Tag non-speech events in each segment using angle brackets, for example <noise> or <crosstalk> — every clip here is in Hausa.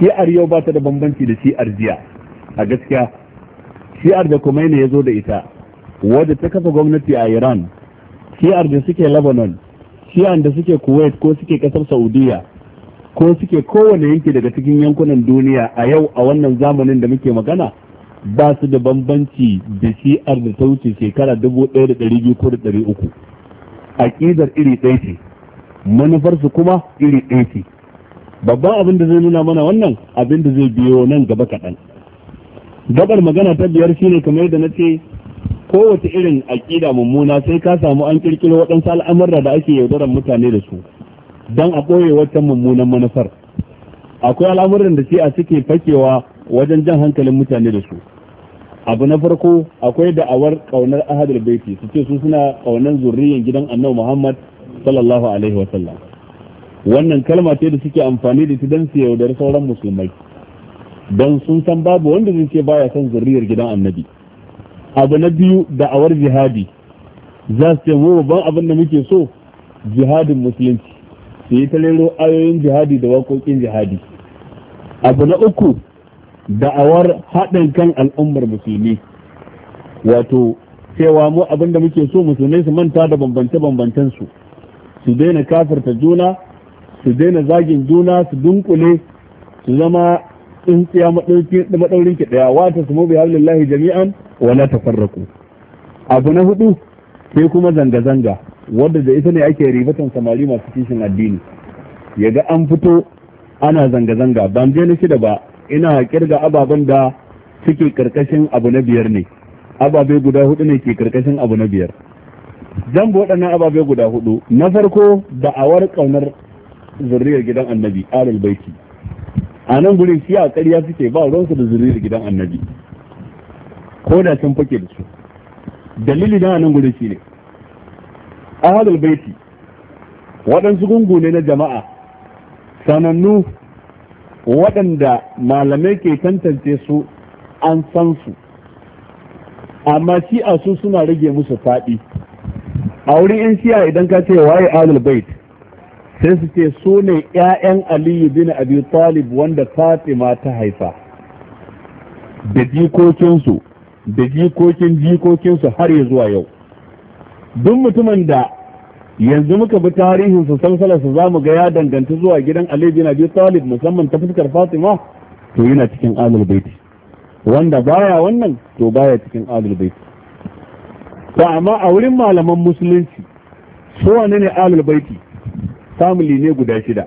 shi'ar yau ba ta da bambanci da shi'ar jiya a gaskiya shi'ar da ne ya zo da ita wadda ta kafa gwamnati a iran shi'ar da suke lebanon shi'ar da suke kuwait ko suke kasar saudiya ko suke kowane yanki daga cikin yankunan duniya a yau a wannan zamanin da muke magana ba su da bambanci da shi'ar da ta wuce shekara dubu ɗaya da ɗari biyu ko da ɗari uku aƙidar iri ɗaya ce manufarsu kuma iri ɗaya ce babban abin da zai nuna mana wannan abin da zai biyo nan gaba kaɗan gabar magana ta biyar shine kamar yadda na ce kowace irin aƙida mummuna sai ka samu an ƙirƙiro waɗansu al'amurra da ake yaudarar mutane da su don a ɓoye wata mummunan manufar akwai al'amuran da a suke fakewa wajen jan hankalin mutane da su abu na farko akwai da'awar ƙaunar ahadul baiti su ce su suna ƙaunar zurriyar gidan annabi muhammad sallallahu alaihi wasallam wannan kalma ce da suke amfani da ita don su yaudari sauran musulmai don sun san babu wanda zai ce baya son zurriyar gidan annabi abu na biyu da'awar jihadi za su ce mu babban abin da muke so jihadin musulunci su yi talero ayoyin jihadi da waƙoƙin jihadi abu na uku da'awar haɗin kan al'ummar musulmi wato cewa mu abin da muke so musulmai su manta da bambance-bambancen su su daina kafirta juna su daina zagin juna su dunkule su zama tsintsiya maɗaurin ki ɗaya wata su mabi hablillahi jami'an wala tafarraku abu na hudu sai kuma zanga-zanga wadda da ita ne ake ribatan samari masu kishin addini Yaga an fito ana zanga-zanga ban je na shida ba ina kirga ababen da suke karkashin abu na biyar ne ababe guda hudu ne ke karkashin abu na biyar zan waɗannan ababe guda hudu na farko da'awar ƙaunar zurriyar gidan annabi alal baiti a nan gurin shi a ƙarya suke ba ruwansu da zurriyar gidan annabi ko da sun fake da su dalili na nan gurin shi ne alal baiti waɗansu gungu ne na jama'a sanannu waɗanda malamai ke tantance su an san su amma shi a su suna rage musu faɗi a wurin 'yan shiya idan ka ce waye alal bait sai su ce su ne 'ya'yan aliyu bin abi talib wanda fatima ta haifa da jikokinsu da jikokin jikokinsu har ya zuwa yau duk mutumin da yanzu muka bi tarihin su salasa za mu ga ya danganta zuwa gidan aliyu bin abi talib musamman ta fuskar fatima to yana cikin alul baiti wanda baya wannan to baya cikin alul baiti to amma a wurin malaman musulunci so wane ne alul baiti family ne guda shida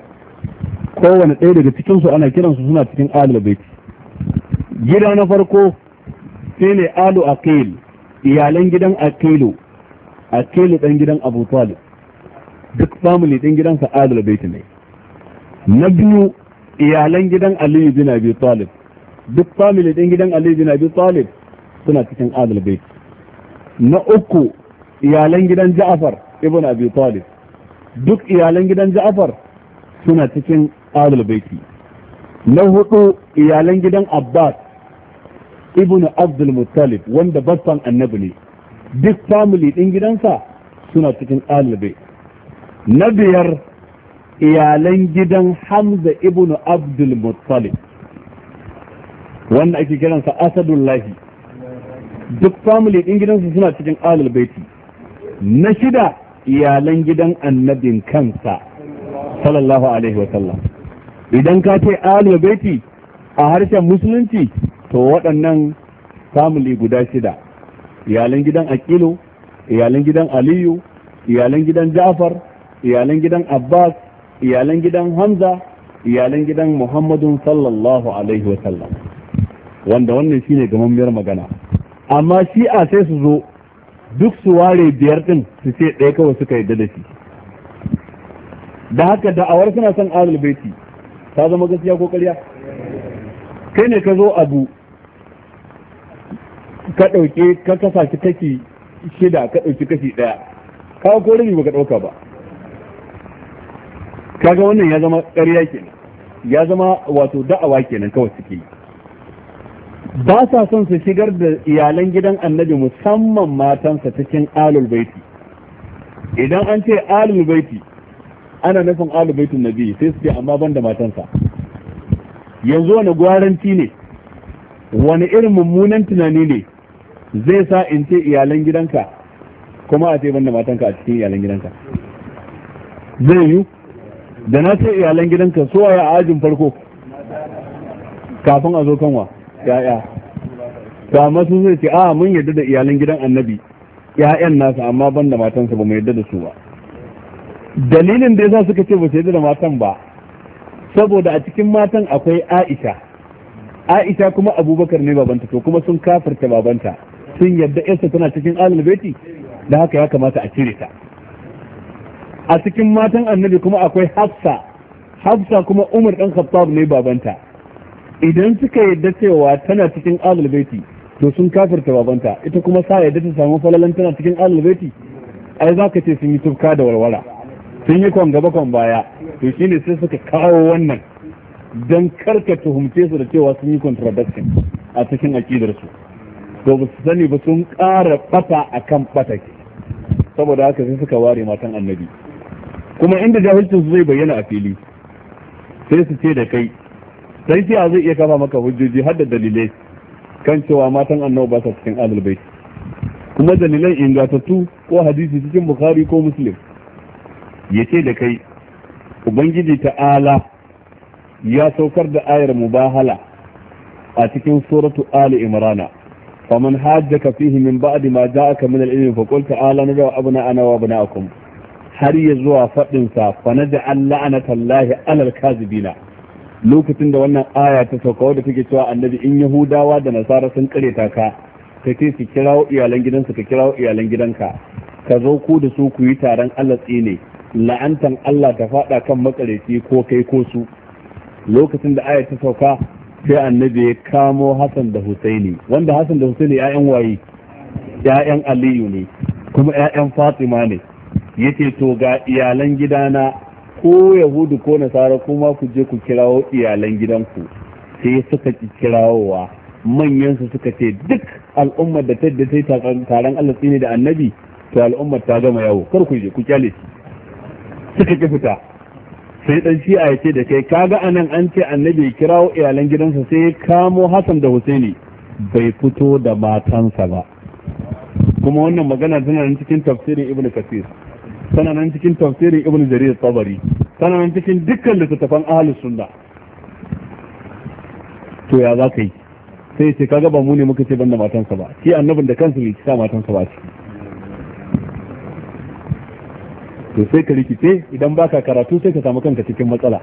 kowane ɗaya daga cikinsu ana kiransu suna cikin alul baiti gida na farko sai ne alu akil iyalan gidan akilu akilu ɗan gidan abu talib duk family ɗin gidansa alul baiti ne na biyu iyalan gidan aliyu bin abi talib duk family ɗin gidan aliyu bin abi talib suna cikin alul baiti na uku iyalan gidan ja'afar ibn abi talib duk iyalan gidan Ja'far suna cikin Ahlul Baiti na hudu iyalan gidan Abbas ibnu Abdul Muttalib wanda babban annabi ne duk family din gidansa suna cikin Ahlul Bait na biyar iyalan gidan Hamza ibnu Abdul Muttalib wanda ake kiransa Asadullahi duk family din gidansa suna cikin Ahlul Baiti na shida iyalan gidan annabin kansa sallallahu alaihi wa sallam idan ka ce alu baiti a harshen musulunci to waɗannan family guda shida iyalan gidan aqilu iyalan gidan aliyu iyalan gidan ja'far iyalan gidan abbas iyalan gidan hamza iyalan gidan muhammadun sallallahu alaihi wa sallam wanda wannan shine gamammiyar magana amma shi'a sai su zo duk su ware biyar din su ce ɗaya kawai suka yi da da haka da'awar suna son ahlul baiti ta zama gaskiya ko ƙarya kai ne ka zo abu ka ɗauke ka kasa shi kashi shida ka ɗauki kashi ɗaya ka ko rabi baka ɗauka ba kaga wannan ya zama ƙarya kenan ya zama wato da'awa kenan kawai suke yi ba sa son su shigar da iyalan gidan annabi musamman matansa cikin alul baiti idan an ce alul baiti ana nufin alul baitin nabi sai su ce amma da matansa yanzu wani gwaranti ne wani irin mummunan tunani ne zai sa in ce iyalan gidanka kuma a ce ban da matanka a cikin iyalan gidanka zai yi da na ce iyalan gidanka so a ajin farko kafin a zo kanwa ya'ya to amma sun sai ce a ah, mun yarda da iyalan gidan annabi ya'yan nasa amma ban da matansa ba mu yarda da su ba dalilin da yasa suka ce ba su yarda da matan ba saboda a cikin matan akwai Aisha Aisha kuma Abubakar ne babanta to kuma sun kafirta babanta sun yarda yarsa tana cikin alul baiti da haka ya kamata a cire ta a cikin matan annabi kuma akwai Hafsa Hafsa kuma Umar dan Khattab ne babanta idan suka yadda cewa tana cikin ahlul to sun kafirta babanta ita kuma sa yadda ta samu falalan tana cikin ahlul ai za ka ce sun yi tufka da warwara sun yi kwan gaba kwan baya to shine sai suka kawo wannan don karka tuhumce su da cewa sun yi contradiction a cikin akidarsu to ba su sani ba sun ƙara bata a kan bataki saboda haka sai suka ware matan annabi kuma inda jahilcin su zai bayyana a fili sai su ce da kai sai shi zai iya kama maka hujjoji har da dalilai kan cewa matan annabi ba cikin ahlul bait kuma dalilan ingantattu ko hadisi cikin bukhari ko muslim yace da kai ubangiji ta'ala ya saukar da ayar mubahala a cikin suratu ali imrana فمن حاجك فيه من بعد ما جاءك من العلم فقل تعالى ندعو أبناءنا وأبناءكم har ya zuwa faɗinsa fa na ja'al la'anatan lahi kazibina lokacin da wannan aya ta sauka wadda take cewa annabi in yahudawa da nasara sun ta ka ka ce su kirawo iyalan gidansu ka kirawo iyalan gidanka ka zo ku da su ku yi taron Allah tsine la'antan Allah ta fada kan makareci ko kai ko su lokacin da aya ta sauka sai annabi ya kamo Hassan da Husaini wanda Hassan da Husaini ya'yan waye ya'yan Aliyu ne kuma yayan Fatima ne yace to ga iyalan gidana ko yahudu ko nasara kuma ku je ku kirawo iyalan gidanku sai suka ki kirawowa manyan su suka ce duk al'ummar da ta da ta taron Allah tsine da annabi to al'ummar ta gama yawo kar ku je ku kyale shi suka ki fita sai dan shi a yace da kai kaga anan an ce annabi kirawo iyalan gidansa sai kamo Hassan da Husaini bai fito da matansa ba kuma wannan magana tana cikin tafsirin Ibn Kathir tana nan cikin tafsirin ibn jarir tabari tana nan cikin dukkan littattafan ahlus sunna to ya za ka yi sai ce kaga ba mu ne muka ce banda matansa ba shi annabin da kansa ne sa matansa ba ciki to sai ka rikice idan baka karatu sai ka samu kanka cikin matsala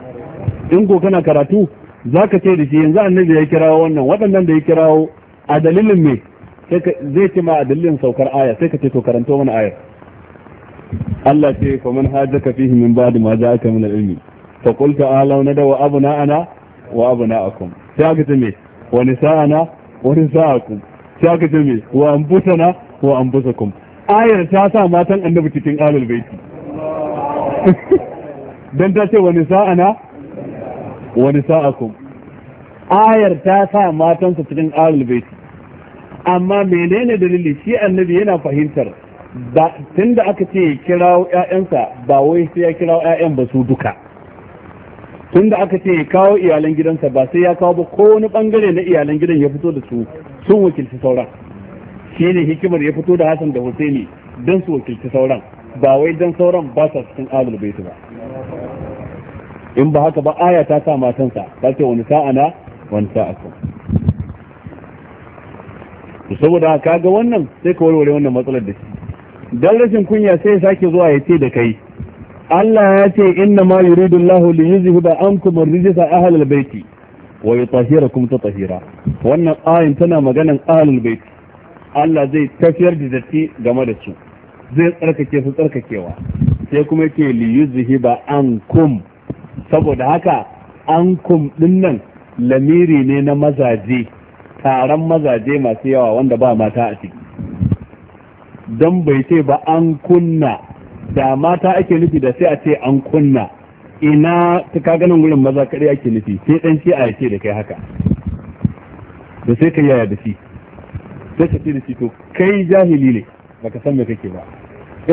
in ko kana karatu za ka ce da shi yanzu annabi ya kirawo wannan waɗannan da ya kirawo a dalilin me zai ce ma a dalilin saukar aya sai ka ce to karanto mana ayar Allah ce fa man hajaka fihi min ba'd ma ja'aka min al-ilmi fa qul ta'alu nada wa ana, wa abna'akum sai aka ce me wa nisa'ana wa nisa'akum sai aka ce me wa anfusana wa anfusakum ayar ta sa matan annabi cikin alul baiti <laughs> dan ta ce wa nisa'ana wa nisa'akum ayar ta sa matansa cikin alul baiti amma menene dalili shi annabi yana fahimtar tun da aka ce kirawo 'ya'yansa, ba wai sai ya kirawo 'ya'yan ba su duka tun da aka ce kawo iyalan gidansa ba sai ya kawo ba ko wani bangare na iyalan gidan ya fito da su sun wakilci sauran shi ne hikimar ya fito da Hassan da Husaini don su wakilci sauran ba wai don sauran ba sa cikin alul baitu ba in ba haka ba aya ta sa matansa ta ce wani sa'a na, wani sa'a sa'akum saboda kaga wannan sai ka warware wannan matsalar da shi dan rashin kunya sai ya sake zuwa ya ce da kai Allah ya ce inna ma yuridu Allah li yuzhiba ankum ar-rijsa ahli al wa yutahhirakum tatahira wannan ayin tana maganan ahli al Allah zai tafiyar da datti game da su zai tsarkake su tsarkakewa sai kuma yake li yuzhiba ankum saboda haka ankum dinnan lamiri ne na mazaje taron mazaje masu yawa wanda ba mata a ciki don bai ce ba an kunna da mata ake nufi da sai a ce an kunna ina ta ka ganin wurin maza kare ake nufi sai dan shi a ce da kai haka da sai ka yaya da shi sai ka ce da shi to kai jahili ne baka san me kake ba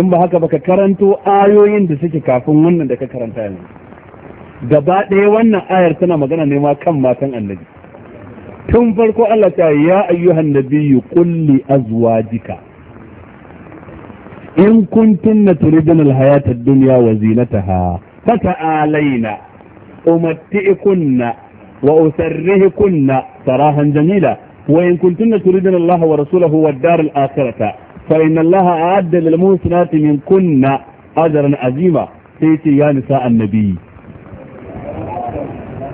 in ba haka baka karanto ayoyin da suke kafin wannan da ka karanta yanzu gaba ɗaya wannan ayar tana magana ne ma kan matan annabi tun farko Allah ta ya ayyuhan nabiyyu qul li azwajika إن كنتن تريدن الحياة الدنيا وزينتها فتآلينا أمتئكن وأسرهكن صراحا جميلا وإن كنتن تريدن الله ورسوله والدار الآخرة فإن الله أعد من منكن أجرا عظيما سيتي يا نساء النبي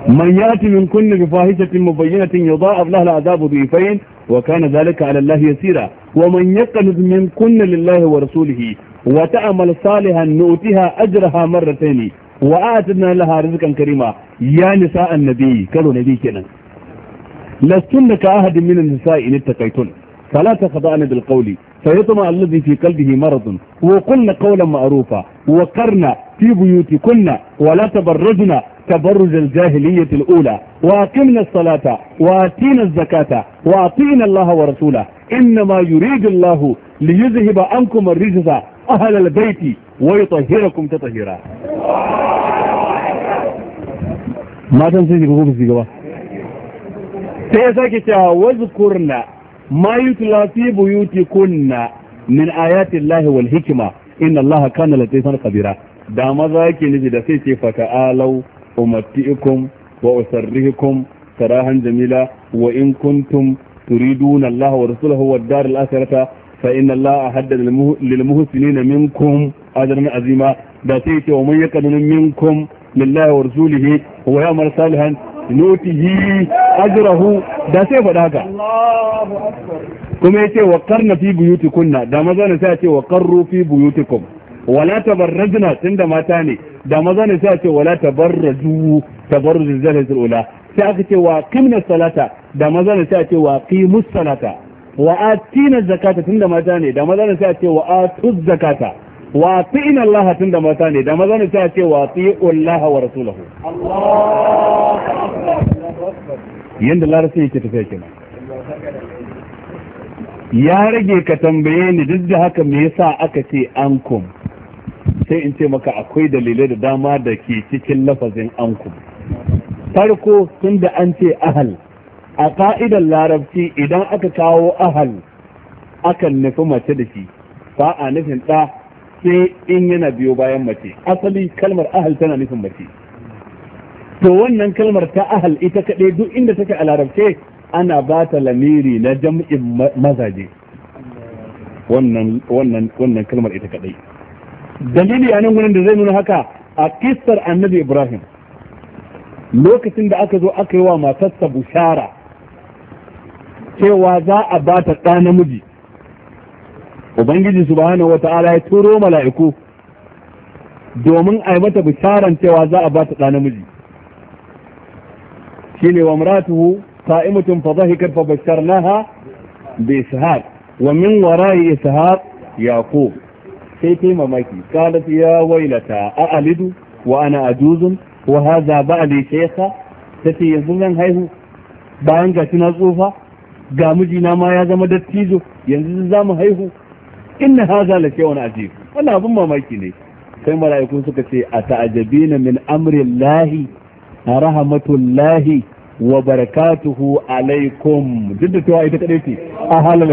من يأتي منكن بفاحشة مبينة يضاعف لها العذاب ضعيفين وكان ذلك على الله يسيرا ومن يقنز من كن لله ورسوله وتعمل صالحا نؤتها أجرها مرتين وآتنا لها رزقا كريما يا نساء النبي كانوا نبي كنا لستن كأحد من النساء إن اتقيتن فلا تخضعن بالقول فيطمع الذي في قلبه مرض وقلن قولا معروفا وقرن في بيوتكن ولا تبرجن تبرج الجاهلية الأولى وأقمنا الصلاة وآتينا الزكاة وأطينا الله ورسوله إنما يريد الله ليذهب عنكم الرجس أهل البيت ويطهركم تطهيرا ما تنسيك غوب الزيقوا تيساك واذكرنا ما يتلى في بيوتكن من آيات الله والحكمة إن الله كان لطيفا قبيرا da maza ke nufi da sai ce alau, umatti'ikum wa usarrihukum sarahan jamila wa in kuntum turiduna Allah wa rasulahu wa dar al-akhirata fa inna Allah ahadda lil muhsinina minkum ajran azima da sai ce wa man yakunu minkum lillahi wa rasulihi wa ya'mal salihan nutihi ajrahu da sai faɗa haka kuma yace wa qarna fi buyutikunna da maza ne sai ya ce wa qarru fi buyutikum wala tabarrajna tunda mata ne da maza ne sai ce wala tabarraju tabarrujul jahilul ula sai aka ce wa qimna salata da maza ne sai ce wa qimus salata wa atina zakata tunda mata ne da maza ne sai ce wa atuz zakata wa atina Allah tunda mata ne da maza ne sai ce wa atiu Allah wa rasulahu allah yanda larabci yake tafiya kenan ya rage ka tambaye ni duk da haka me yasa aka ce ankum sai in ce maka akwai dalilai da dama da ke cikin lafazin anku farko tun da an ce ahal a ka'idar larabci idan aka kawo ahal akan nufi mace da shi ba a nufin ɗa sai in yana biyo bayan mace asali kalmar ahal tana nufin mace to wannan kalmar ta ahal ita kaɗai duk inda take a larabce ana ba ta lamiri na jam'in mazaje wannan kalmar ita kaɗai dalili a nan wurin da zai nuna haka a kistar annabi ibrahim lokacin da aka zo aka yi wa matarsa bushara cewa za a ba ta ɗa namiji ubangiji su subhanahu wata ala ya turo mala'iku domin a yi mata bisharan cewa za a ba ta ɗa namiji shine wa maratuhu sa'imatun fa dhahikat fa basharnaha bai ishaq wa min ishaq yaqub sai ta yi mamaki qalat ya wailata a alidu wa ana ajuzun wa hadha ba'li shaykha ce yanzu zan haihu bayan ga na tsufa ga mijina ma ya zama dattijo yanzu za mu haihu inna da la shay'un ajib wannan abin mamaki ne sai mala'iku suka ce a ta'ajabina min amrillahi rahmatullahi wa barakatuhu alaikum duk da cewa ita kadai ce a halal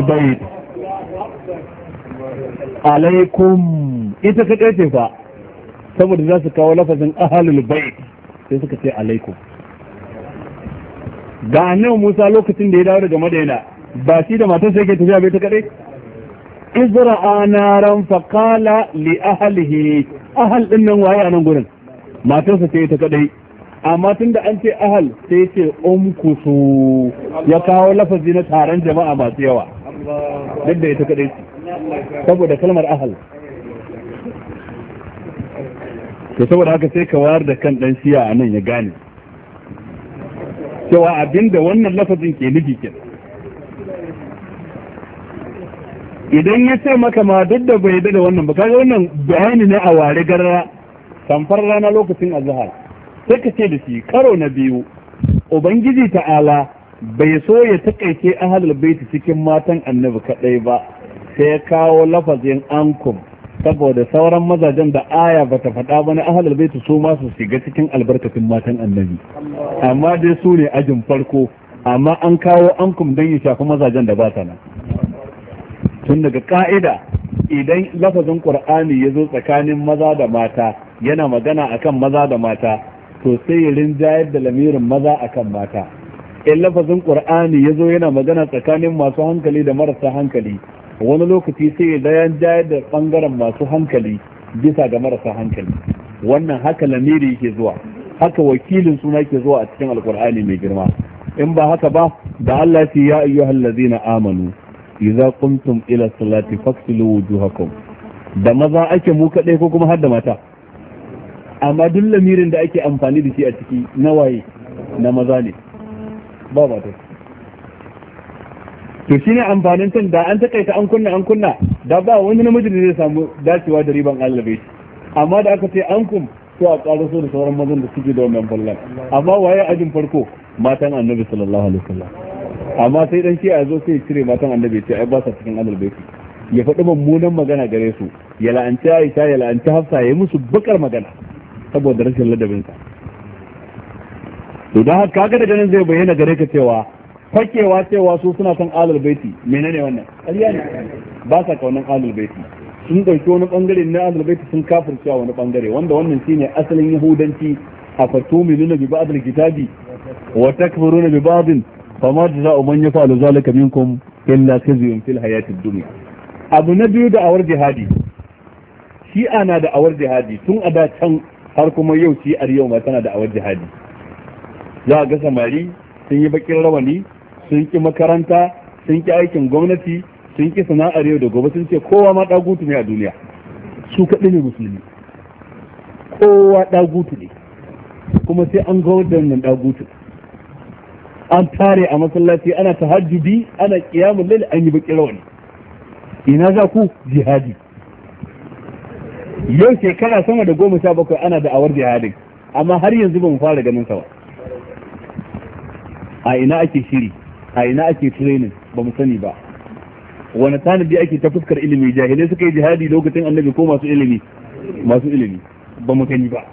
alaikum ita ta ƙarfe fa saboda za su kawo lafazin ahalul bait sai suka ce alaikum ga annabi Musa lokacin da ya dawo daga Madina ba shi da matarsa yake tafiya bai ta kade izra anaran fa qala li ahlihi ahal din nan waye a nan gurin matarsa ce ta kade amma tunda an ce ahal sai ce umkusu ya kawo lafazi na taron jama'a masu yawa duk da ita kadai saboda kalmar ahal to saboda haka sai ka wayar da kan dan siya a nan ya gane cewa abinda wannan lafazin ke nufi ke idan ya ce maka ma duk da bai da wannan ba kaga wannan bayani ne a ware garara tamfar rana lokacin azhar sai ka ce da shi karo na biyu ubangiji ta'ala bai so ya takaice ahalul baiti cikin matan annabi kadai ba sai ya kawo lafazin ankum saboda sauran mazajen da aya bata faɗa ba na ahlul bait su ma su shiga cikin albarkatun matan annabi amma dai su ne ajin farko amma an kawo ankum dan ya shafi mazajen da ba ta nan tun daga ka'ida idan lafazin qur'ani ya zo tsakanin maza da mata yana magana akan maza da mata to sai ya rinjayar da lamirin maza akan mata in lafazin qur'ani ya zo yana magana tsakanin masu hankali da marasa hankali wani lokaci sai ya dayan jayar da bangaren masu hankali bisa ga marasa hankali wannan haka lamiri yake zuwa haka wakilin suna ke zuwa a cikin alkur'ani mai girma in ba haka ba da Allah ce ya ayyuhal ladina amanu idza qumtum ila salati faghsilu wujuhakum da maza ake mu kadai ko kuma har da mata amma duk lamirin da ake amfani da shi a ciki na waye na maza ne ba mata to shi ne amfanin can da an takaita an kunna an kunna da ba wani namiji da zai samu dacewa da riban Allah amma da aka ce an kum to a ƙara so da sauran mazan da suke da wannan ballan amma waye ajin farko matan annabi sallallahu alaihi wasallam amma sai dan shi a zo sai cire matan annabi ce ai ba sa cikin Allah ya faɗi mummunan magana gare su ya la'anci Aisha ya la'anci Hafsa ya musu bakar magana saboda rashin ladabinsa to dan haka kaga da ganin zai bayyana gare ka cewa fakewa cewa su suna son alul baiti menene wannan ƙarya ne ba sa kaunan alul baiti sun ɗauki wani bangare na alul baiti sun kafircewa wani bangare wanda wannan shine asalin yahudanci a fatuminuna bi ba'd al-kitabi wa takfuruna bi ba'd ma jazaa'u man yaf'alu zalika minkum illa khizyun fil hayatid dunya abu na biyu da awar jihadi shi ana da awar jihadi tun a da can har kuma yau shi a yau ma tana da awar jihadi za a ga samari sun yi bakin rawani sun ki makaranta sun ki aikin gwamnati sun ki sana'ar yau da gobe sun ce kowa ma dagutu ne a duniya su kaɗi ne musulmi kowa dagutu ne kuma sai an ga wadannan dagutu an tare a masallaci ana tahajjudi ana qiyamul layl an yi baƙi rawani ina za ku jihadi yau shekara sama da goma sha bakwai ana da'awar jihadin amma har yanzu ba mu fara ganin sa ba a ina ake shiri a ina ake training ba mu sani ba wani tanadi ake ta fuskar ilimi jahilai suka yi jihadi lokacin annabi ko masu ilimi masu ilimi ba mu sani ba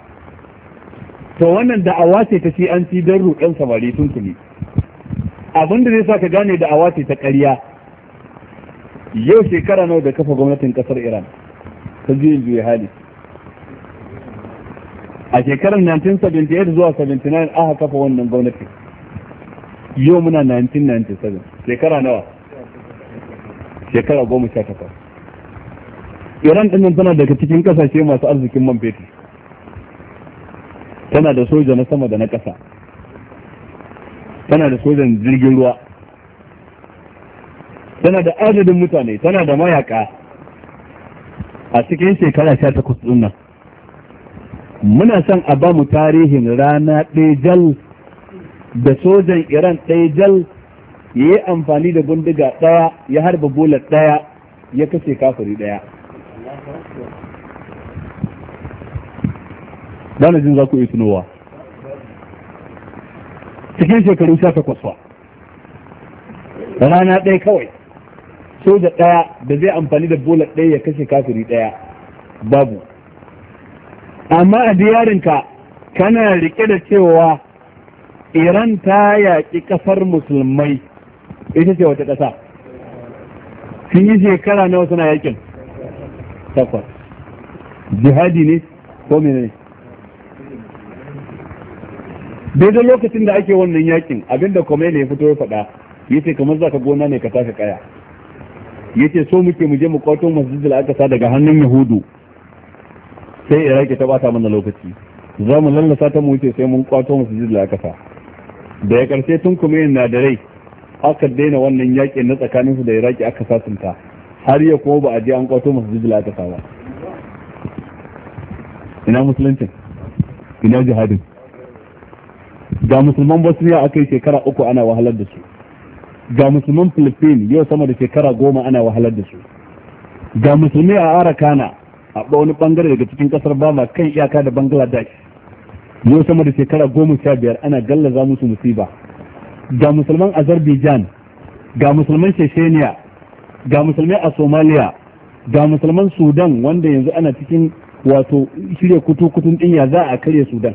to wannan da'awa ce ta an ci don roƙon samari sun kuli abin da zai sa ka gane da'awa ce ta ƙarya yau shekara nawa da kafa gwamnatin ƙasar iran ta juyin juya hali a shekarar 1978 zuwa 79 aka kafa wannan gwamnatin yau muna 1997 shekara nawa shekara goma sha takwas iran ɗin tana daga cikin ƙasashe masu arzikin man fetur tana da soja na sama da na ƙasa tana da sojan jirgin ruwa tana da adadin mutane tana da mayaka a cikin shekara sha takwas ɗin nan muna son a ba mu tarihin rana ɗaya jal da sojan iran ɗaya jal ya yi amfani da bindiga daya ya harba bolar ɗaya ya kashe kafiri ɗaya bana jin za ku iya tunowa cikin shekaru sha takwas fa rana ɗaya kawai soja ɗaya da zai amfani da bolar ɗaya ya kashe kafiri ɗaya babu amma a diyarinka kana rike da cewa iran ta yaƙi ƙasar musulmai ita ce wata ƙasa sun yi shekara nawa suna yakin takwas jihadi ne ko mene ne daidai lokacin da ake wannan yakin abinda kome ne ya fito ya faɗa ya ce kamar za ka gona ne ka tashi kaya ya ce so muke muje mu kwato masjidil akasa daga hannun yahudu sai iraki ta bata mana lokaci za mu lallasa ta mu wuce sai mun kwato masjidil akasa da ya karshe tun kuma na da rai aka daina wannan yaƙin na tsakaninsu da iraki aka sasunta har ya kuma ba a je an kwato masu jijila aka kawo ina musuluncin ina jihadin ga musulman bosniya aka yi shekara uku ana wahalar da su ga musulman philippines yau sama da shekara goma ana wahalar da su ga musulmi a arakana a wani bangare daga cikin kasar bama kan iyaka da bangladesh yau sama da shekara goma sha biyar ana gallaza musu musiba ga musulman azerbaijan ga musulman chechenia ga musulmai a Somaliya, ga musulman sudan wanda yanzu ana cikin wato shirya kutu-kutun dinya za a karya sudan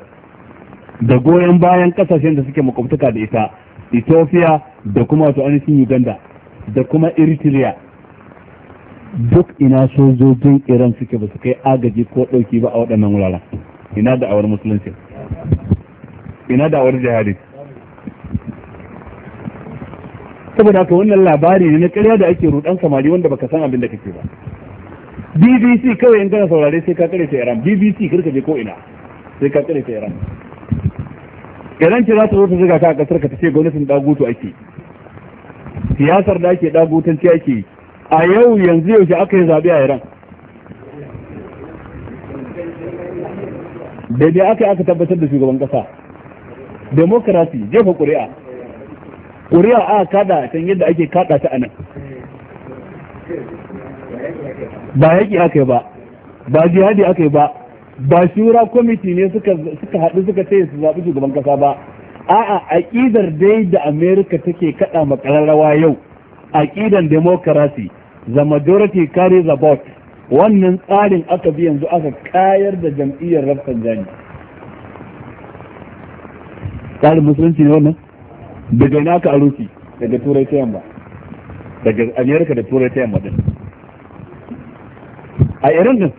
da goyon bayan kasashen da suke makwabtaka da ita ethiopia da kuma wato ainihin uganda da kuma eritrea duk ina sojojin iran suke ba su kai agaji ko ɗauki ba a waɗannan wuraren ina da awar musulunci ina dawar jihadi saboda haka wannan labari ne na karya da ake rudan samari wanda baka san abin da kake ba bbc kawai in gana saurare sai ka kare ta iran bbc kirka je ko ina sai ka kare ta iran iran ce za ta zo ta zuga ta a kasar ka ta ce gwamnatin dagutu ake siyasar da ake dagutanci ake a yau yanzu yaushe aka yi zaɓe a iran da dai aka aka tabbatar da shugaban kasa demokrasi jefa ƙuri'a ƙuri'a a kada can yadda ake kada ta anan ba yaƙi aka yi ba ba jihadi aka yi ba ba shura kwamiti ne suka haɗu suka ce su zaɓi shugaban kasa ba a'a aƙidar dai da amerika take kaɗa makararrawa yau aƙidan demokrasi the majority carries a vote wannan tsarin aka bi yanzu aka kayar da jam'iyyar rafkan jami tsarin musulunci ne wannan daga ina ka aruki daga turai ta yamma daga amerika da turai ta yamma din a irin din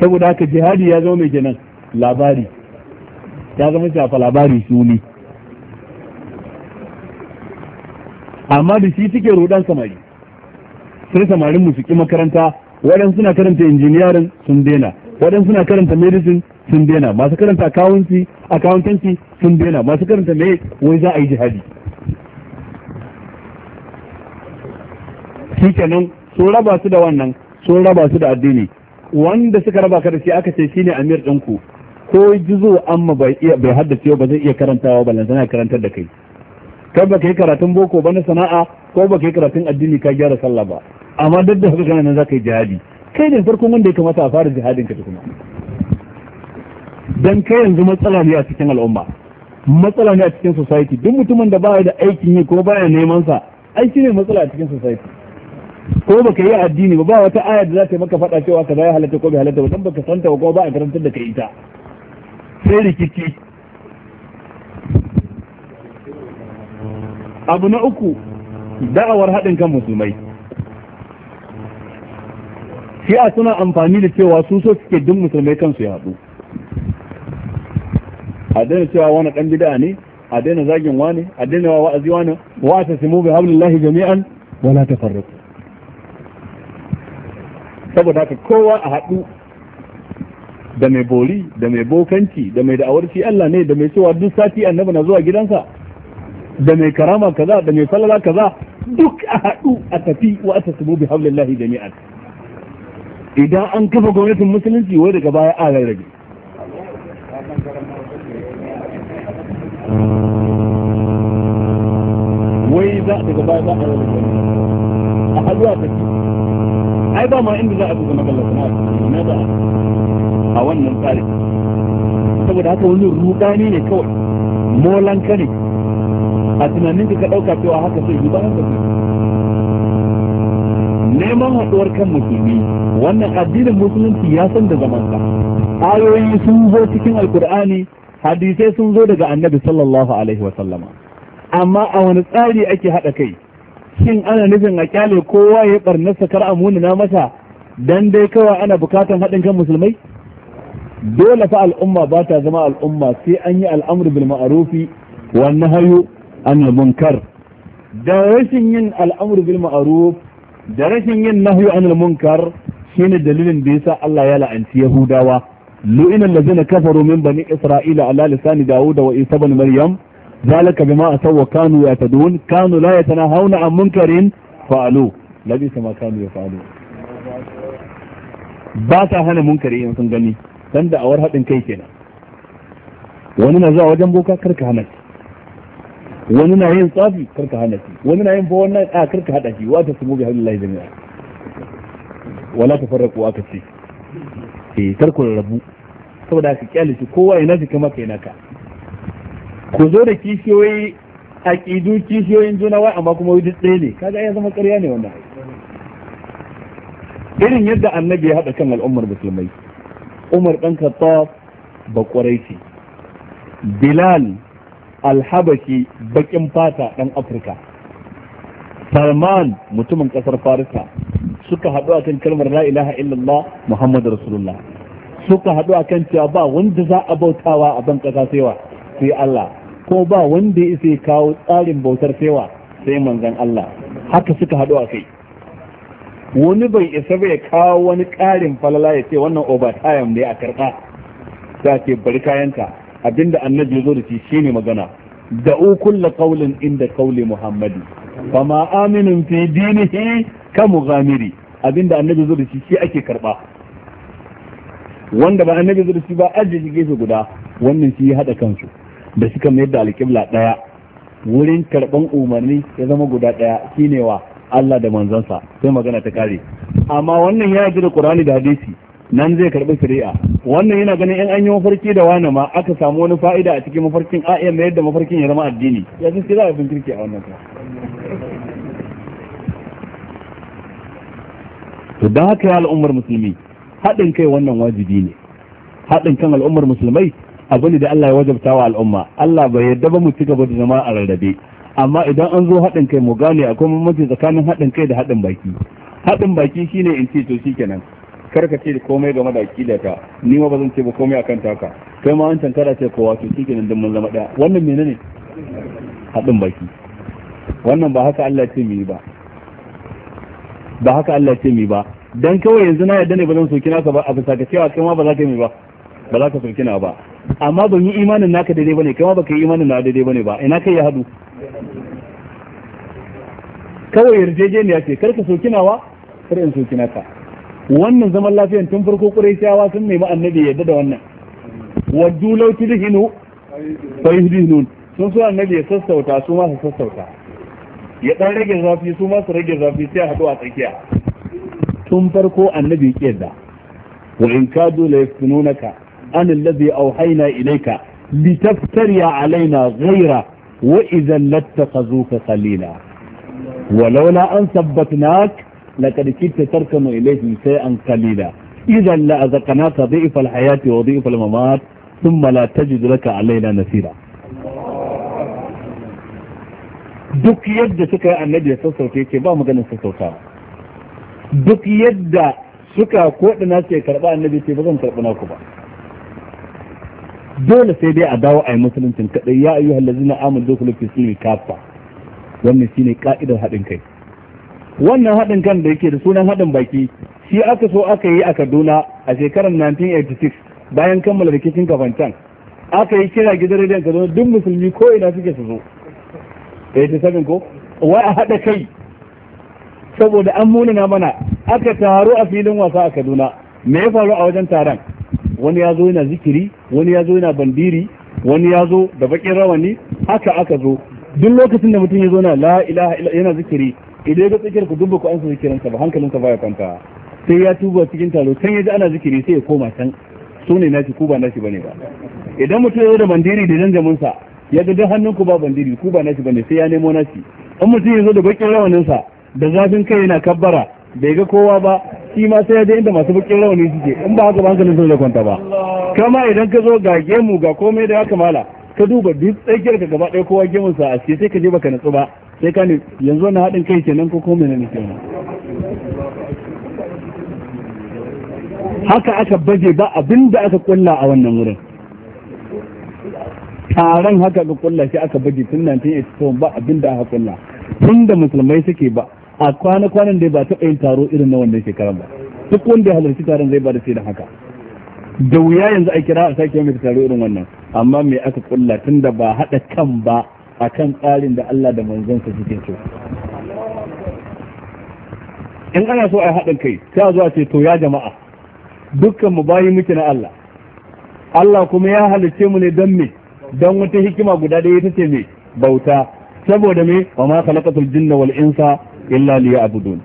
saboda haka jihadi ya zama mai kenan labari ya zama shafa labari suni amma da shi suke rudan samari sai samarin mu su makaranta waɗansu suna karanta injiniyarin sun daina waɗansu suna karanta medicine sun daina masu karanta accountancy accountancy sun daina masu karanta me wai za a yi jihadi kenan sun raba su da wannan sun raba su da addini wanda suka raba ka da shi aka ce shine amir ɗinku ko jizo amma bai bai haddace ba zai iya karantawa ba lantana karantar da kai kai baka yi karatun boko ba na sana'a ko baka yi karatun addini ka gyara sallah ba amma duk da haka kana nan zaka yi jihadi kai ne farkon wanda ya kamata a fara jihadin ka tukuna dan kai yanzu matsala ne a cikin al'umma matsala ne a cikin society duk mutumin da baya da aikin yi ko baya neman sa ai shine matsala a cikin society ko baka yi addini ba ba wata aya da za ta yi maka faɗa cewa ka zai halatta ko bai halatta ba dan baka santa ba ko ba a karantar da kai ita sai rikici abu na uku da'awar haɗin kan musulmai shi'a suna amfani da cewa su so suke duk musulmai kansu ya haɗu a daina cewa wani ɗan bid'a ne a daina zagin wani a daina wa wa'azi wani wa ta simu bi lahi jami'an wala tafarraqu saboda haka kowa a haɗu da mai bori da mai bokanci da mai da'awar shi Allah ne da mai cewa duk sati annabi na zuwa gidansa da mai karama kaza da mai salala kaza duk a haɗu a tafi wa ta simu bi hablillahi jami'an idan an kafa gwamnatin musulunci wai daga baya a rarrabe wai za daga baya za a rarrabe a haduwa ta ce ai ba ma inda za a buga magalar na da a wannan tsari saboda haka wani rudani ne kawai molanka ne a tunanin ka ɗauka cewa haka sai yi ba haka sai neman haɗuwar kan musulmi wannan addinin musulunci ya san da zamansa ayoyi sun zo cikin alkur'ani hadisai sun zo daga annabi sallallahu alaihi wa sallama amma a wani tsari ake haɗa kai shin ana nufin a kyale kowa ya barnarsa kar a munana mata, dan dai kawai ana bukatan haɗin kan musulmai dole fa al'umma ba ta zama al'umma sai an yi al'amru bil ma'rufi wa nahyu anil munkar da rashin yin al'amru bil ma'ruf da rashin yin nahyu anil munkar shine dalilin da yasa Allah ya la'anci Yahudawa lu'ina allazina kafaru min bani isra'ila ala lisani Dawud wa isa ibn maryam zalika bima asaw kanu yatadun kanu la yatanahawna an munkarin fa'alu labisa sama kanu yaf'alu ba ta hana munkari in sun gani dan da awar hadin kai kenan wani na zuwa wajen boka karka hana wani na yin tsafi karka hana shi wani na yin fa wannan a karka hada shi wa ta sumu bi habillahi jami'a wala ta tafarraqu aka ce eh karku rabu saboda ka kyale shi kowa yana shi kama kai naka ku zo da kishiyoyi aqidu kishiyoyin juna wai amma kuma wuri tsaye ne kaga ya zama ƙarya ne wannan irin yadda annabi ya hada kan al'ummar musulmai Umar dan Khattab ba Quraishi Bilal alhabaki bakin fata ɗan afirka salman mutumin ƙasar farisa suka haɗu akan kalmar la ilaha illallah muhammad rasulullah suka haɗu akan cewa ba wanda za a bautawa a ban ƙasa sewa sai Allah ko ba wanda ya isa kawo tsarin bautar sewa sai manzan Allah haka suka hadu a kai wani bai isa bai kawo wani ƙarin falala ya ce wannan over time ne a karɓa za ce bari kayanka abinda annabi ya zo da shi shine magana da kulla qaulin inda qauli muhammadi fama aminun fi dinihi ka mughamiri abinda annabi zo da shi shi ake karba wanda ba annabi zo da shi ba aje gefe guda wannan shi hada kansu da shi mayar da alƙibla daya wurin karban umarni ya zama guda daya shine wa Allah da manzansa sai magana ta kare amma wannan ya yarda da Qur'ani da hadisi nan zai karbi shari'a wannan yana ganin in an yi mafarki da wani ma aka samu wani fa'ida a cikin mafarkin a iya mayar mafarkin ya zama addini ya sun za a fin kirki a wannan to don haka al'ummar musulmi haɗin kai wannan wajibi ne haɗin kan al'ummar musulmai abu ne da Allah ya wajabta wa al'umma Allah bai yadda ba mu ci gaba da zama a rarrabe amma idan an zo haɗin kai mu gane akwai mamaci tsakanin haɗin kai da haɗin baki haɗin baki shine in ce to shikenan kar ka ce komai game da akida ni ma ba zan ce ba komai akan taka kai ma an tantara ce kowa to shi kenan dan mun zama daya wannan menene haɗin baki wannan ba haka Allah ce mi ba ba haka Allah ce mi ba dan kawai yanzu na yadda ne ba zan soki naka ba a bisa ka cewa kai ma ba za ka mi ba ba za ka soki na ba amma ban yi imanin naka daidai bane kai ma baka yi imanin na daidai bane ba ina kai ya hadu kawai yarjejeniya ce kar ka soki nawa kar in soki naka wannan zaman lafiyan tun farko quraishawa sun nemi annabi yadda da wannan waddu law tudhinu fa yuhdinun sun so annabi ya sassauta su ma su sassauta ya dan rage zafi su ma su rage zafi sai haɗu a tsakiya tun farko annabi ya da wa in kadu la yaftununaka an alladhi awhayna ilayka لتفتري علينا غيره وإذا لاتخذوك خليلا ولولا أن ثبتناك لقد كدت تركن إليهم شيئا قليلا إذا لأذقناك ضعف الحياة وضعف الممات ثم لا تجد لك علينا نسيرا duk yadda suka yi annabi ya sassauta yake ba maganin sassauta duk yadda suka kodina su ya karba annabi ce ba zan karɓi naku ba dole sai dai a dawo a yi musuluncin kaɗai ya ayyuhal lazina amul dokulu fi sulmi kafa wannan shine ka'idar haɗin kai wannan haɗin kan da yake da sunan haɗin baki shi aka so aka yi a kaduna a shekarar 1986 bayan kammala rikicin kafancan aka yi kira gidan rediyon kaduna duk musulmi ko ina suke su zo sabin ko wai a haɗa kai saboda an munana mana aka taro a filin wasa a kaduna me ya faru a wajen taron wani ya zo yana zikiri wani ya zo yana bandiri wani ya zo da bakin rawani haka aka zo duk lokacin da mutum ya zo na la ilaha illa yana zikiri idan ga tsakiyar ku dubba ku an su zikirin ba hankalin ka baya kwanta sai ya tuba cikin taro can ya ji ana zikiri sai ya koma can su ne nashi ku ba nashi bane ba idan mutum ya zo da bandiri da zanjamin sa ya ga duk hannun ku ba bandiri ku ba nashi bane sai ya nemo nashi in mutum ya zo da bakin rawanin sa da zafin kai yana kabbara bai ga kowa ba shi ma sai ya je inda masu bakin rawani suke in ba haka ba hankalin sun zai kwanta ba kama idan ka zo ga gemu ga komai da ya kamala ka duba duk tsakiyar ka gaba ɗaya kowa gemunsa a sai ka je baka natsu ba sai ka ne yanzu wani haɗin kai kenan ko kome na ne haka aka baje ba abin da aka kulla a wannan wurin taron haka aka kulla shi aka baje tun 1984 ba abin da aka kulla tun da musulmai suke ba a kwana-kwanan da ba taɓa yin taro irin na wannan shekarar ba duk wanda ya halarci taron zai ba da sai da haka da wuya yanzu a kira a sake mai taro irin wannan amma me aka kulla tun da ba haɗa kan ba akan tsarin da Allah da manzansa suke so in ana so a haɗin kai sai zuwa ce to ya jama'a dukkan mu bayi muke na Allah Allah kuma ya halicce mu ne don me don wata hikima guda da ita ce me bauta saboda me wa ma khalaqatul jinna wal insa illa liya'budun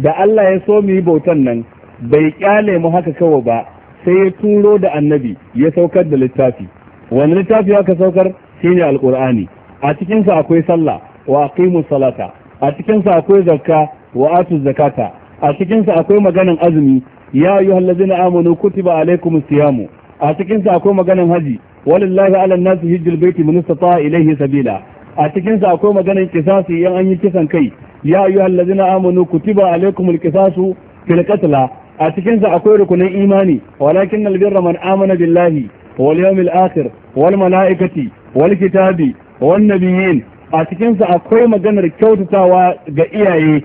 da Allah ya so mu yi bautan nan bai kyale mu haka kawai ba sai ya turo da annabi ya saukar da littafi wani littafi aka saukar shine alqur'ani a cikin akwai sallah wa aqimu salata a cikin akwai zakka wa atu zakata a cikin akwai maganan azumi ya ayyuhal ladzina amanu kutiba alaikumus siyamu a cikin akwai maganan haji walillahi ala nasi hijjul baiti man istata'a ilayhi sabila a cikin akwai maganan kisasi yan an yi kisan kai ya ayyuhal ladzina amanu kutiba alaikumul qisasu fil qatla a cikinsa akwai rukunin imani walakin albirra man amana billahi wal yawmil akhir wal malaikati wal kitabi wanda biyin a cikinsa akwai maganar kyautatawa ga iyaye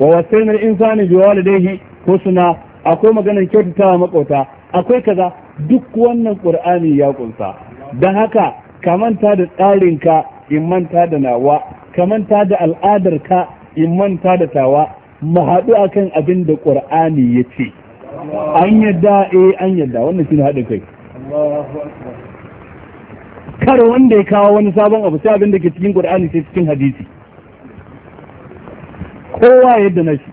wa wasanar insani biyu wani dai ko suna akwai maganar kyautatawa makauta akwai kaza duk wannan ƙur'ani ya kunsa don haka ka manta da tsarinka in manta da nawa kamanta da al'adarka in manta da tawa ma haɗu a abin da ƙur'ani ya ce an yadda a eh, an yadda wannan shi na haɗin kai kar wanda ya kawo wani sabon abu sai abin da ke cikin qur'ani sai cikin hadisi kowa yadda na shi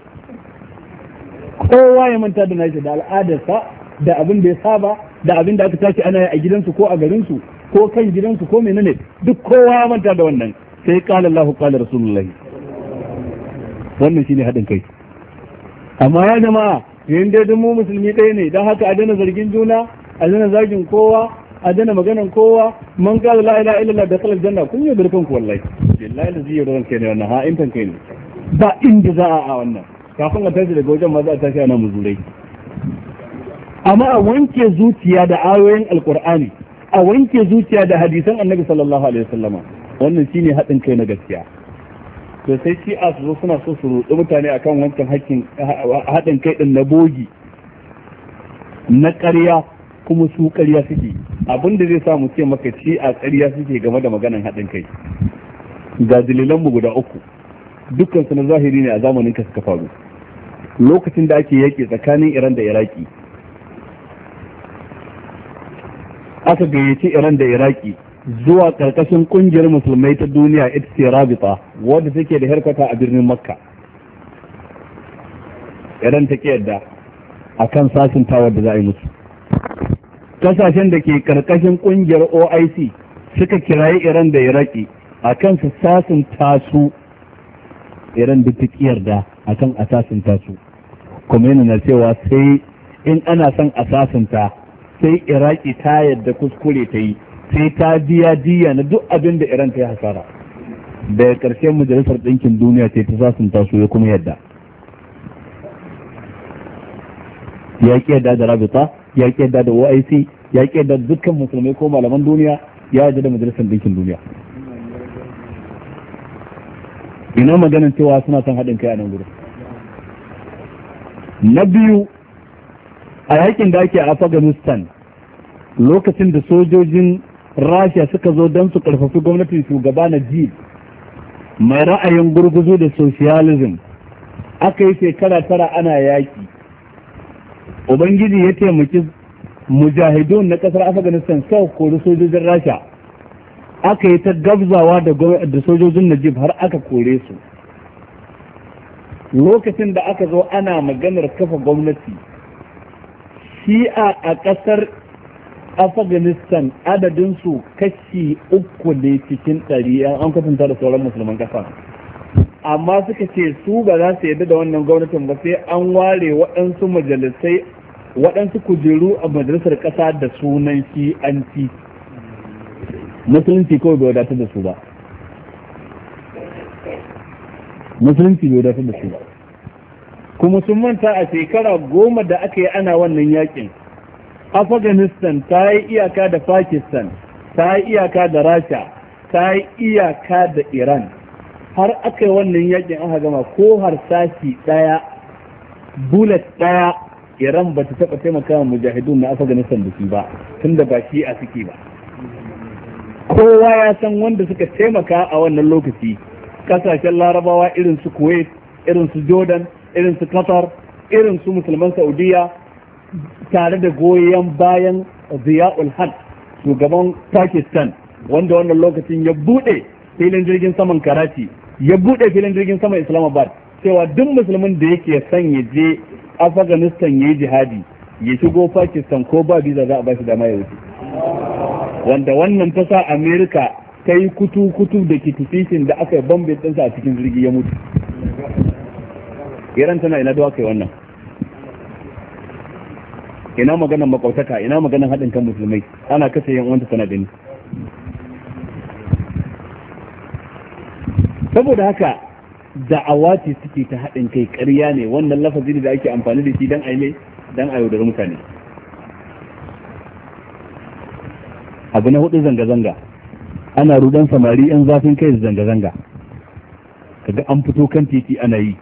kowa ya manta da nashi da al'adarsa da abin da ya saba da abin da aka tashi ana yi a gidansu ko a garinsu ko kan gidansu ko menene duk kowa ya manta da wannan sai kala Allah qala Rasulullah wannan shine haɗin kai amma ya jama'a yayin da mu musulmi ɗaya ne dan haka a daina zargin juna a daina zagin kowa a dana maganin kowa man qala la ilaha illallah da khalal janna kun yi birkan ku wallahi billahi da ziyar ran kai ne wannan ha in tan kai ne ba inda za a a wannan kafin a tashi daga wajen ma za a tashi ana muzurai amma a wanke zuciya da ayoyin alqur'ani a wanke zuciya da hadisan annabi sallallahu alaihi wasallama wannan shine hadin kai na gaskiya to sai shi a su suna so su roƙi mutane akan wancan haƙƙin haɗin kai din na bogi na ƙarya kuma su ƙarya suke abin da zai sa mu ce maka ci a ƙarya suke game da maganan haɗin kai ga dalilanmu guda uku dukkan su na zahiri ne a zamanin ka suka faru lokacin da ake yaƙi tsakanin iran da iraki aka gayyaci iran da iraki zuwa ƙarƙashin ƙungiyar musulmai ta duniya ita rabita wadda take da harkata a birnin makka iran ta ƙi yadda a kan sashin tawar da za a yi musu kasashen da ke karkashin kungiyar oic suka kirayi iran da iraki a kan su sasunta su iran da ta yarda a kan a sasunta su kuma yana na cewa sai in ana son a sasunta sai iraki ta yadda kuskure ta yi sai ta biya diya na duk abin da iran ta yi hasara daga karshe majalisar ɗinkin duniya ce ta sasunta su ya kuma yadda ya ƙi yadda da rabita ya ƙi yadda da OIC ya ƙi da dukkan musulmai ko malaman duniya ya yarda da majalisar dinkin duniya ina maganin cewa suna son haɗin kai a nan gudu na biyu a yakin da ake a afghanistan lokacin da sojojin rasha suka zo don su karfafi gwamnatin shugaba na ji mai ra'ayin gurguzu da socialism aka yi shekara tara ana yaki ubangiji ya taimaki mujahidun na kasar afghanistan sau kori sojojin rasha aka yi ta gabzawa da sojojin najib har aka kore su lokacin da aka zo ana maganar kafa gwamnati shi'a a kasar afghanistan adadinsu kashi uku ne cikin ɗari an kwatanta da sauran musulman ƙasa. amma suka ce su ba za su yadda da wannan gwamnatin ba sai an ware waɗansu majalisai waɗansu kujeru a majalisar ƙasa da sunan CNC musulunci kawai bai wadatar da su ba musulunci bai wadatar da su ba kuma sun manta a shekara goma da aka yi ana wannan yakin afghanistan ta yi iyaka da pakistan ta yi iyaka da rasha ta yi iyaka da iran har aka yi wannan yakin aka gama ko harsashi ɗaya bullet ɗaya iran ba ta taɓa taimaka wa mujahidun na afganistan da shi ba tun da ba shi a suke ba kowa ya san wanda suka taimaka a wannan lokaci kasashen larabawa irin su kuwait irin su jordan irin su qatar irin su musulman saudiya tare da goyon bayan ziya'ul haq shugaban pakistan wanda wannan lokacin ya buɗe filin jirgin saman karachi ya buɗe filin jirgin saman islamabad cewa duk musulmin da yake son ya je afghanistan ya yi jihadi ya shigo pakistan ko ba biza za a ba shi dama ya wuce wanda wannan ta sa amerika ta yi kutu-kutu da kitifishin da aka yi bambe ɗinsa a cikin jirgi ya mutu iran tana ina da kai wannan ina maganan makwautaka ina maganan haɗin kan musulmai ana kashe yin wanda tana gani saboda haka da'awa ce suke ta haɗin kai ƙarya ne wannan lafazi da ake amfani da shi don a yi don a mutane abu na hudu zanga-zanga ana rudan samari yan zafin kai zanga-zanga kaga an fito kan titi ana yi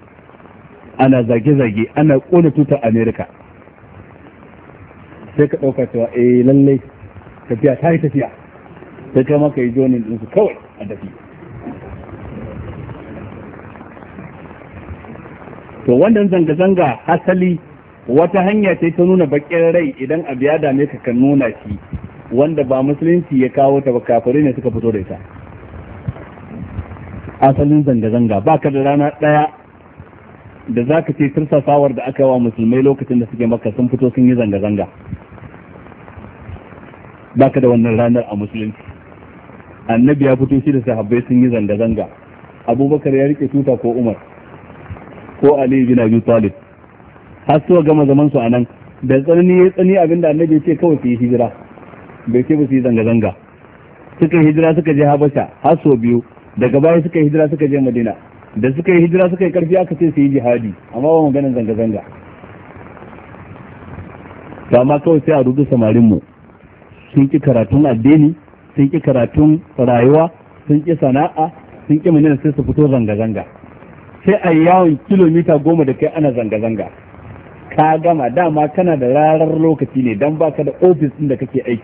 ana zage-zage ana kona tuta america sai ka ɗauka cewa eh lallai tafiya ta yi tafiya sai kama ka yi jonin ɗinsu kawai a tafiya to wannan zanga-zanga asali wata hanya ce ta nuna bakin rai idan abu ya dame ka kan nuna shi wanda ba musulunci ya kawo ta ba kafirai ne suka fito da ita asalin zanga-zanga ba ka da rana ɗaya da za ka ce tursasawar da aka yi wa musulmai lokacin da suke maka sun fito sun yi zanga-zanga ba ka da wannan ranar a musulunci annabi ya fito shi da sahabbai sun yi zanga-zanga abubakar ya rike tuta ko umar ko Ali bin Abi Talib har su gama zaman su anan da tsanani ya tsani abinda annabi ya ce kawai su yi hijira bai ce ba su yi zanga-zanga suka yi hijira suka je Habasha har so biyu daga baya suka yi hijira suka je Madina da suka yi hijira suka yi karfi aka ce su yi jihadi amma ba maganin zanga-zanga ma kawai sai a rudu samarin mu sun ki karatun addini sun ki karatun rayuwa sun ki sana'a sun ki menene sai su fito zanga-zanga sai a yawon kilomita goma da kai ana zanga-zanga ka gama dama kana da rarar lokaci ne dan baka da ofis ɗin da kake aiki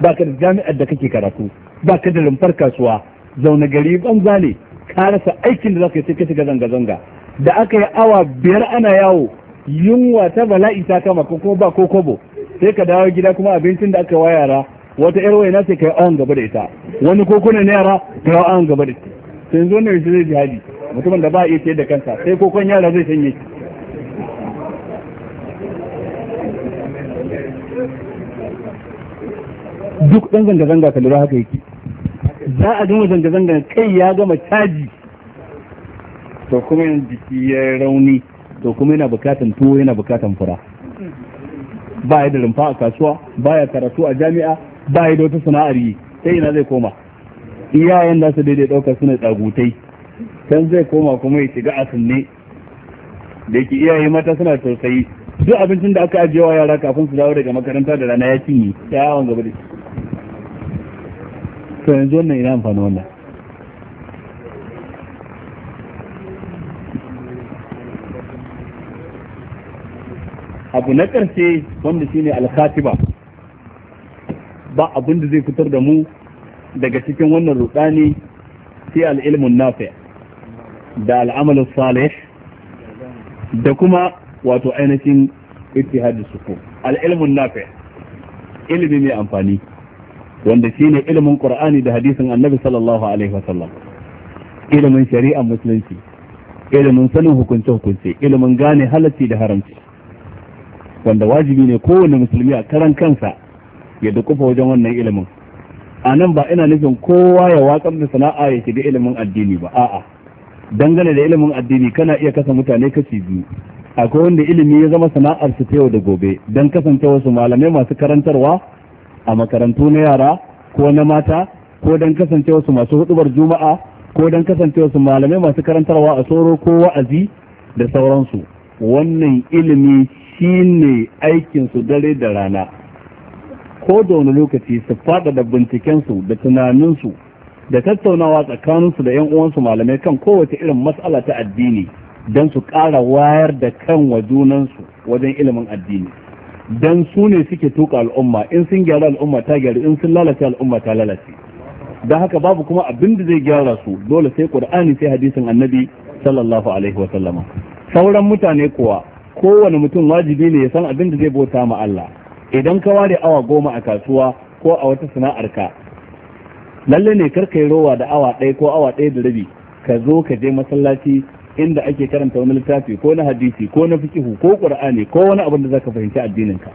baka da jami'ar da kake karatu baka da rumfar kasuwa zaune gari banza ne ka rasa aikin da zaka yi sai ka shiga zanga-zanga da aka yi awa biyar ana yawo yunwa ta bala'i ta kama ko kuma ba ko kobo sai ka dawo gida kuma abincin da aka wayara yara wata yar waina sai ka yi awon gaba da ita wani kokuna na yara ka yi awon gaba da ita sai shi zai jihadi mutumin da ba a iya ciyar da kansa sai ko kwan yara zai sanye shi duk ɗan zanga-zanga ka lura haka yake za a gama zanga-zanga kai ya gama caji to kuma yana jiki ya rauni to kuma yana bukatan tuwo yana bukatan fura ba ya da rumfa a kasuwa ba ya karatu a jami'a ba ya da wata sana'ar yi sai ina zai koma iyayen da su daidai ɗaukar suna tsagutai can zai koma kuma ya shiga asinne da yake iyaye mata suna tausayi duk abincin da aka ajiye yara kafin su dawo daga makaranta da rana ya cinye ta yawon gaba da shi to yanzu wannan ina amfani wannan abu na ƙarshe wanda shine alkatiba ba abin da zai fitar da mu daga cikin wannan rudani sai al-ilmun nafia da al'amalin salih da kuma wato ainihin ittihadi suku al'ilmun nafi ilimi mai amfani wanda shine ilmin ƙur'ani da hadisin annabi sallallahu alaihi wasallam ilimin shari'a musulunci ilmin sanin hukunce hukunce ilimin gane halacci da haramci wanda wajibi ne kowane musulmi a karan kansa ya dukufa wajen wannan ilimin a nan ba ina nufin kowa ya watsar da sana'a ya shiga ilimin addini ba a'a dangane da ilimin addini kana iya kasa mutane kashi biyu akwai wanda ilimi ya zama sana'ar su ta yau da gobe don kasance wasu malamai masu karantarwa a makarantu na yara ko na mata ko don kasance wasu masu hudubar juma'a ko don kasance wasu malamai masu karantarwa a tsoro ko wa'azi da sauransu wannan ilimi shi ne aikinsu dare da rana ko da wani lokaci su faɗaɗa bincikensu da tunaninsu da tattaunawa tsakaninsu da yan uwansu malamai kan kowace irin matsala ta addini don su ƙara wayar da kan wa junansu wajen ilimin addini don su ne suke tuka al'umma in sun gyara al'umma ta gyara in sun lalace al'umma ta lalace don haka babu kuma abin da zai gyara su dole sai ƙur'ani sai hadisin annabi sallallahu alaihi wa sallama sauran mutane kuwa kowane mutum wajibi ne ya san abin da zai bauta ma Allah idan ka ware awa goma a kasuwa ko a wata sana'arka lalle ne kar yi rowa da awa ɗaya ko awa ɗaya da rabi ka zo ka je masallaci inda ake karanta wani littafi ko na hadisi ko na fikihu ko qur'ani ko wani abin da ka fahimci addinin ka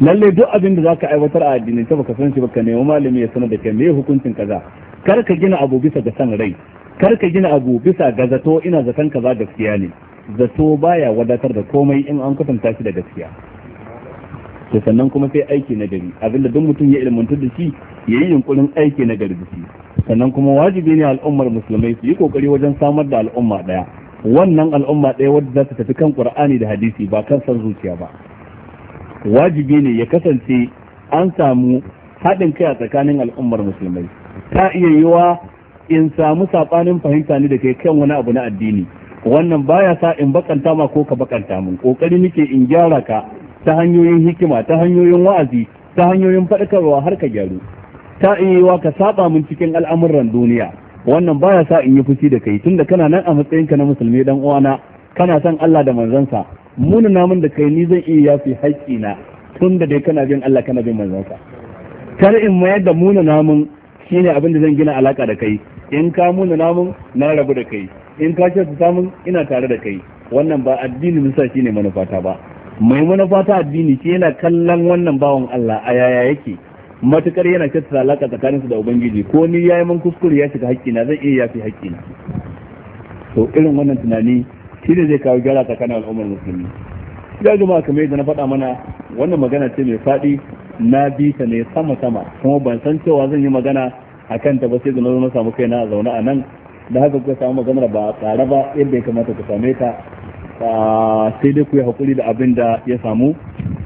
lalle duk abin da zaka aiwatar a addinin ka baka san shi baka nemi malami ya sanar da kai me hukuncin kaza kar ka gina abu bisa ga san rai kar ka gina abu bisa ga zato ina zaton kaza gaskiya ne zato baya wadatar da komai in an kwatanta shi da gaskiya sannan kuma sai aiki na gari abinda duk mutum ya ilmantar da shi ya yi yunkurin aiki na gargashi sannan kuma wajibi ne al'ummar musulmai su yi kokari wajen samar da al'umma daya wannan al'umma daya wadda za ta tafi kan qur'ani da hadisi ba kan san zuciya ba wajibi ne ya kasance an samu haɗin kai a tsakanin al'ummar musulmai ta iya yiwa in samu saɓanin fahimta ne da kai kan wani abu na addini wannan baya sa in bakanta ma ko ka bakanta mun kokari nake in gyara ka ta hanyoyin hikima ta hanyoyin wa'azi ta hanyoyin faɗakarwa har ka gyaru ta wa ka saba min cikin al'amuran duniya wannan baya sa in yi fushi da kai tunda kana nan a matsayin ka na musulmi dan uwana kana son Allah da manzansa mun namun da kai ni zan iya yafi haƙƙi na tunda dai kana bin Allah kana bin manzansa kar in mayar da muna namun shine abin da zan gina alaka da kai in ka muna namun na rabu da kai in ka ce su samun ina tare da kai wannan ba addini musa shine manufata ba mai manufata addini shi yana kallon wannan bawan Allah a yaya yake matukar yana kyautata alaka su da ubangiji ko ni yayi mun kuskure ya shiga haƙƙina zai iya yafi haƙƙina to irin wannan tunani shi ne zai kawo gyara tsakanin al'ummar musulmi ya jama'a kamar yadda na faɗa mana wannan magana ce mai faɗi na bi ta ne sama sama kuma ban san cewa zan yi magana a kan ta ba sai zan na samu kai na zaune a nan da haka kuka samu maganar ba tsara ba yadda ya kamata ku same ta sai dai ku yi haƙuri da abin da ya samu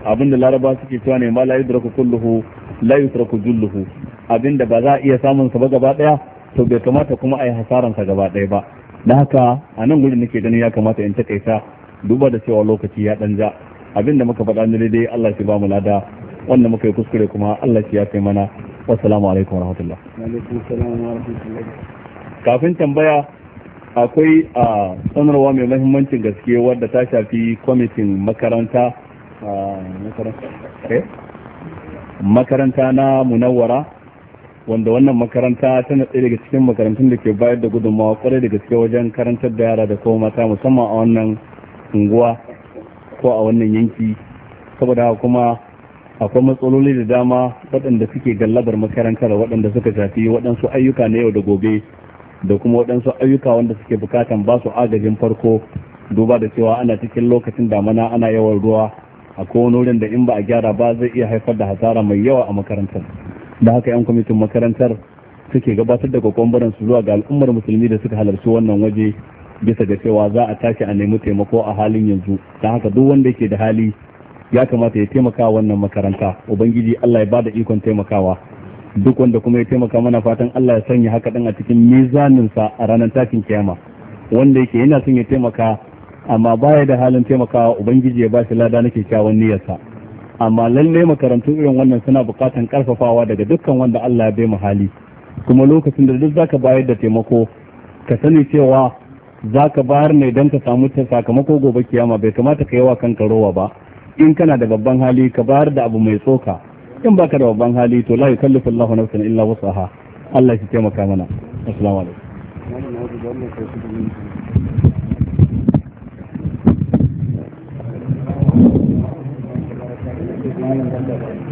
abin da laraba suke cewa ne ma la yudraku kulluhu la yutraku julluhu abinda ba za a iya samun sa ba gaba daya to bai kamata kuma a yi hasaran sa gaba daya ba dan haka a nan gurin nake ganin ya kamata in takaita duba da cewa lokaci ya dan abinda muka faɗa ne dai Allah shi ba mu lada wanda muka yi kuskure kuma Allah shi ya kai mana wassalamu alaikum rahmatullah kafin tambaya akwai a sanarwa mai mahimmancin gaske wadda ta shafi kwamitin makaranta makaranta eh? makaranta na munawwara wanda wannan makaranta tana ɗaya daga cikin makarantun da ke bayar da gudunmawa kwarai da gaske wajen karantar da yara da kuma mata musamman a wannan unguwa ko a wannan yanki saboda haka kuma akwai matsaloli da dama waɗanda suke gallabar makarantar waɗanda suka shafi waɗansu ayyuka na yau da gobe da kuma waɗansu ayyuka wanda suke bukatan ba su agajin farko duba da cewa ana cikin lokacin damana ana yawan ruwa akwai wani wurin da in ba a gyara ba zai iya haifar da hasara mai yawa a makarantar da haka yan kwamitin makarantar suke gabatar da kokombaran su zuwa ga al'ummar musulmi da suka halarci wannan waje bisa ga cewa za a tashi a nemi taimako a halin yanzu da haka duk wanda yake da hali ya kamata ya taimaka wannan makaranta ubangiji Allah ya bada ikon taimakawa duk wanda kuma ya taimaka mana fatan Allah ya sanya haka din a cikin mizaninsa a ranar takin kiyama wanda yake yana son ya taimaka amma baya da halin taimakawa ubangiji ya ba shi lada na kyakkyawan niyyarsa amma lallai makarantu irin wannan suna bukatan karfafawa daga dukkan wanda Allah ya bai mu hali kuma lokacin da duk zaka bayar da taimako ka sani cewa zaka bayar ne don ka samu sakamako gobe kiyama bai kamata ka yawa kanka rowa ba in kana da babban hali ka bayar da abu mai tsoka in baka da babban hali to la yukallifu Allahu nafsan illa wusaha Allah shi taimaka mana assalamu alaikum malam dan